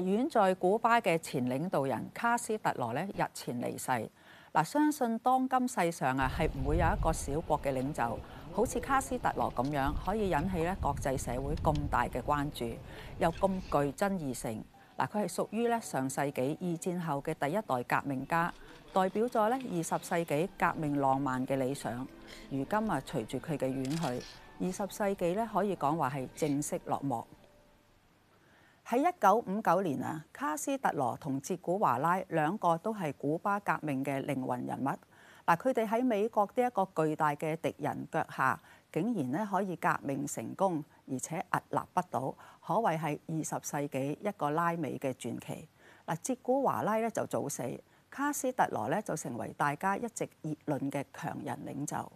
遠在古巴嘅前領導人卡斯特羅咧日前離世。嗱，相信當今世上啊，係唔會有一個小國嘅領袖，好似卡斯特羅咁樣，可以引起咧國際社會咁大嘅關注，又咁具爭議性。嗱，佢係屬於咧上世紀二戰後嘅第一代革命家，代表咗咧二十世紀革命浪漫嘅理想。如今啊，隨住佢嘅遠去，二十世紀咧可以講話係正式落幕。喺一九五九年啊，卡斯特羅同捷古華拉兩個都係古巴革命嘅靈魂人物。嗱，佢哋喺美國呢一個巨大嘅敵人腳下，竟然咧可以革命成功，而且屹立不倒，可謂係二十世紀一個拉美嘅傳奇。嗱，捷古華拉咧就早死，卡斯特羅咧就成為大家一直議論嘅強人領袖。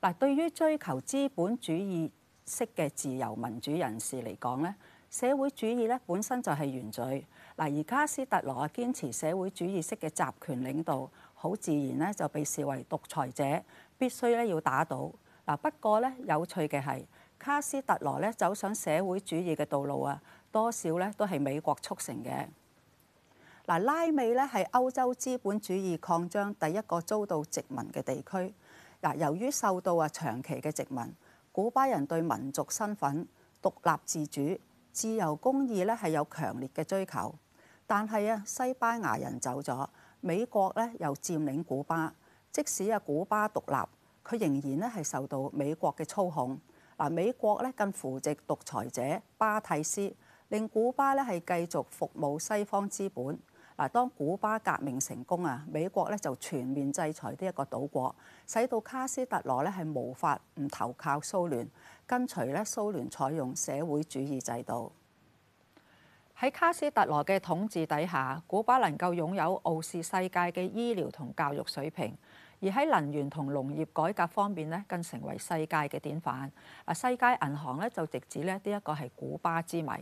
嗱，對於追求資本主義式嘅自由民主人士嚟講咧，社會主義咧本身就係原罪嗱，而卡斯特羅啊堅持社會主義式嘅集權領導，好自然咧就被視為獨裁者，必須咧要打倒嗱。不過咧有趣嘅係，卡斯特羅咧走上社會主義嘅道路啊，多少咧都係美國促成嘅嗱。拉美咧係歐洲資本主義擴張第一個遭到殖民嘅地區嗱，由於受到啊長期嘅殖民，古巴人對民族身份獨立自主。自由公義咧係有強烈嘅追求，但係啊，西班牙人走咗，美國咧又佔領古巴，即使啊古巴獨立，佢仍然咧係受到美國嘅操控。嗱，美國咧更扶植獨裁者巴蒂斯，令古巴咧係繼續服務西方資本。嗱，當古巴革命成功啊，美國咧就全面制裁呢一個島國，使到卡斯特羅咧係無法唔投靠蘇聯，跟隨咧蘇聯採用社會主義制度。喺卡斯特羅嘅統治底下，古巴能夠擁有傲視世界嘅醫療同教育水平。而喺能源同農業改革方面呢，更成為世界嘅典範。啊，世界銀行咧就直指咧呢一個係古巴之謎。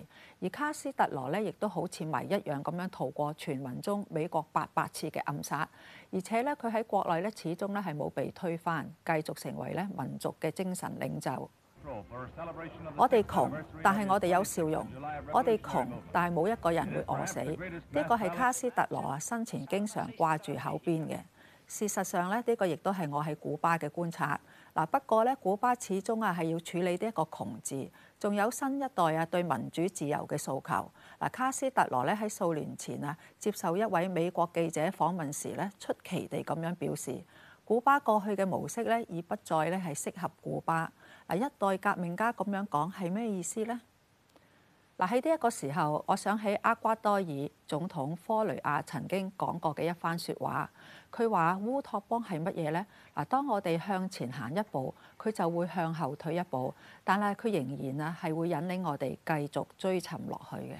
而卡斯特羅呢，亦都好似謎一樣咁樣逃過傳聞中美國八百次嘅暗殺。而且呢，佢喺國內呢，始終呢，係冇被推翻，繼續成為咧民族嘅精神領袖。我哋窮，但係我哋有笑容；我哋窮，但係冇一個人會餓死。呢個係卡斯特羅啊生前經常掛住口邊嘅。事實上咧，呢個亦都係我喺古巴嘅觀察。嗱，不過咧，古巴始終啊係要處理呢一個窮字，仲有新一代啊對民主自由嘅訴求。嗱，卡斯特羅咧喺數年前啊接受一位美國記者訪問時咧，出奇地咁樣表示：古巴過去嘅模式咧已不再咧係適合古巴。嗱，一代革命家咁樣講係咩意思呢？」喺呢一個時候，我想起厄瓜多爾總統科雷亞曾經講過嘅一番説話。佢話烏托邦係乜嘢咧？嗱，當我哋向前行一步，佢就會向後退一步，但係佢仍然啊係會引領我哋繼續追尋落去嘅。